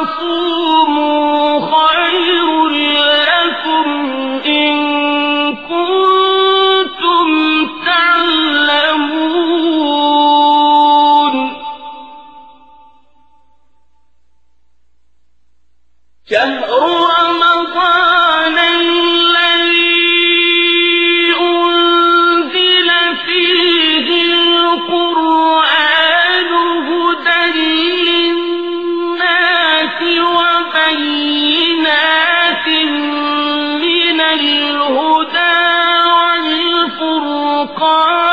غفور قال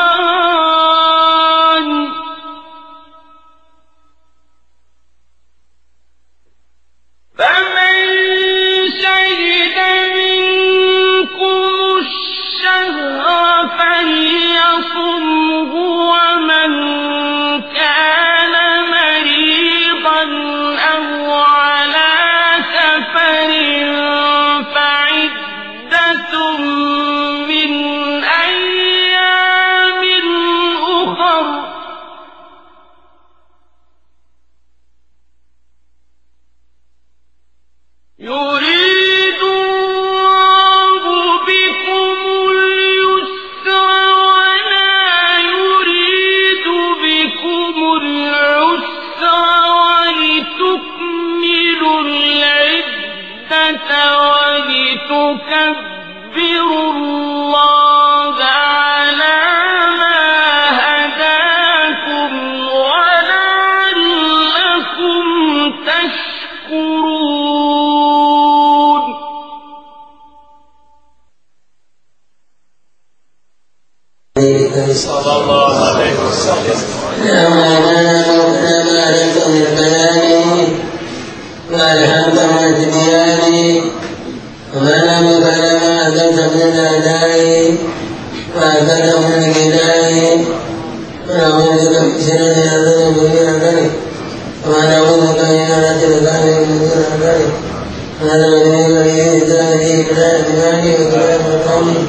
صلى الله عليه وسلم وما ربما لك من بلاني وألهمها تبياني وما مثل ما أتت من أدائي وأتته من غنائي ونعوذ من شر ما أتت من أدائي ونعوذ بك من إرادة الغالي من أدائي ونعوذ بك من إرادة الغالي من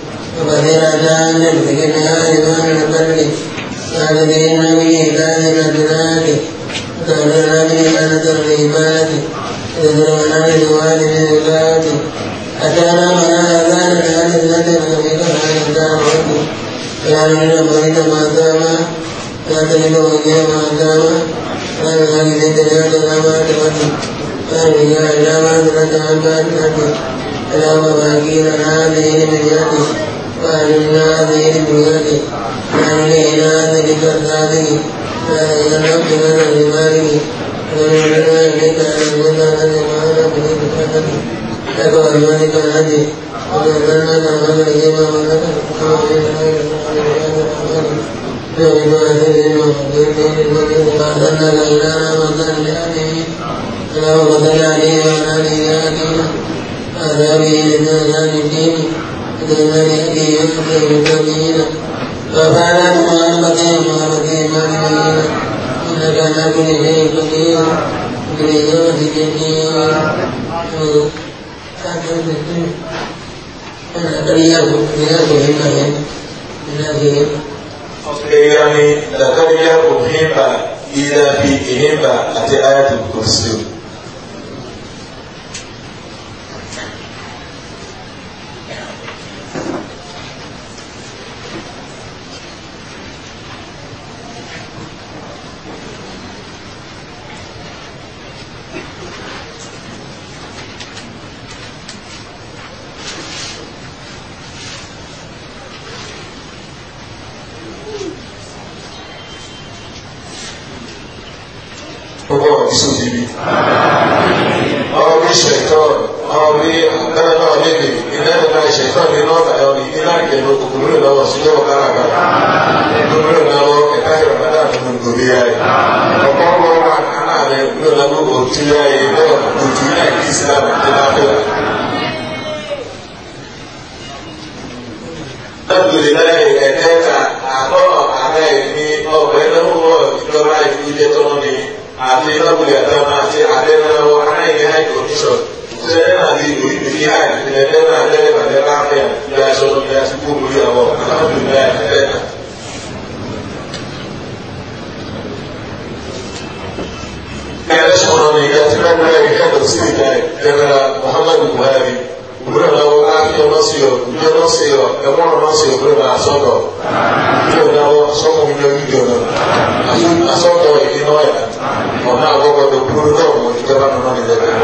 वरराजानन् विघ्नायमानपर्णि आदिदेनवीतादिनदुरादि तनुरादिमनतुर्वीमादि ऋद्रवणादिवादिविदाति अचानमनादानकादिनतमविकरानिदामोति यामिनमोहितमाताम यातनिकमज्ञमाताम रामनादिदेतनातनामातमति रामविगारामातनामातमति रामभागीरणादेन यति മാനിന്നാ നീരുമുകൾക്ക് മാനികേനാ നിരുകർത്താതിരി മാനികണോ തിരുവന അഭിമാനിനി ും بالملك يخرج المدينة وفعل ما قديم وقديم المدينة إنك على كل شيء قدير وبالإجابة جدير Ƙirani da ƙaryar kuhimba, ila fi ihimba a ta ayatul kursiyu. fi sóbi rí. Àwọn orí ṣẹ̀tọ́, àwọn orí àgbẹ̀rẹ̀ náà léde, iná ìlú náà ṣẹ̀tọ́ ní iná ọ̀tà ẹ̀rọ ní iná ìjẹ̀lú kòkòrò ìlọ́wọ́ sí lọ́wọ́ kárakára. Kòkòrò ìlọ́wọ́ ẹ̀ka ìrọ̀lá náà fi gbogbo bí ayé. Ọ̀pọ̀ ọmọ wa náà rẹ̀ lọ́la gbogbo tí ayé lọ́wọ́ gbogbo ilé ìsìlámù ti láfẹ́. Alhamdulillah ẹ̀ẹ́dẹ́ta àbọ̀ àbẹ́ mi ọ̀bẹ lọ́wọ́ ìjọba ìfúnjẹ tọ́lọ́ni àti ìtàkùlẹ̀ àtàwọn àti àdẹ́rẹ́wọ̀ aláìní high condition sẹ́yìn àti ìròyìn bìbí high ìrẹ̀lẹ́rẹ́ àdẹ́rẹ́ àdẹ́rẹ́ láàfẹ́ ìlà ìṣọ́nù ìlà ìsìnkú òmùrí àwọn àdúgbò ìlà يشعر أن يأتمنى بهذا السيد كما محمد الوهابي وقلنا له آخر نصير وقلنا نصير كمان نصير قلنا أصدر قلنا أصدر من يوم يوم أصدر إلى نوعنا ọ̀nà àgbọ̀gbọ̀ tó kúrú lọ́wọ́ mo ti jẹ́bá nínú ilẹ̀ rẹ̀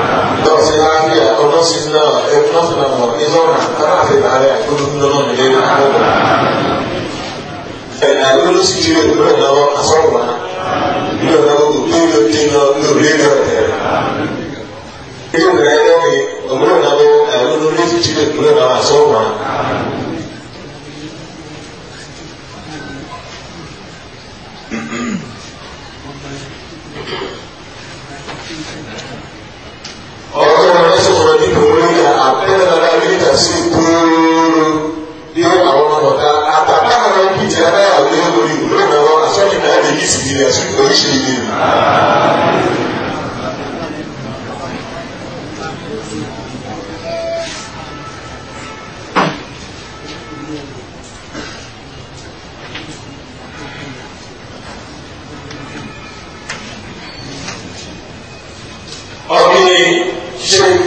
lọ́wọ́ sí láàbíà ọdún sí náà ẹ̀fún náà fún àwọn ìlú ọ̀nà aláàfin ààrẹ àgbọ̀dú nínú ilẹ̀ rẹ̀ lọ́wọ́. ẹ̀yìn àgbọ̀dú ló sì kiri ìlú ìnáwó asọ́wọ́n ìlú ìnáwó tó tó ìlú tí ń lọ lórí ìlú rẹ̀. ìlú ìnáwó mi òmùrù ìnáwó àgbọ̀dú ló sì kiri ìlú ìnáwó asọ́wọ́n ìdílé ẹ̀sìn oríṣi ìdílé. ọ̀gbìn ṣe.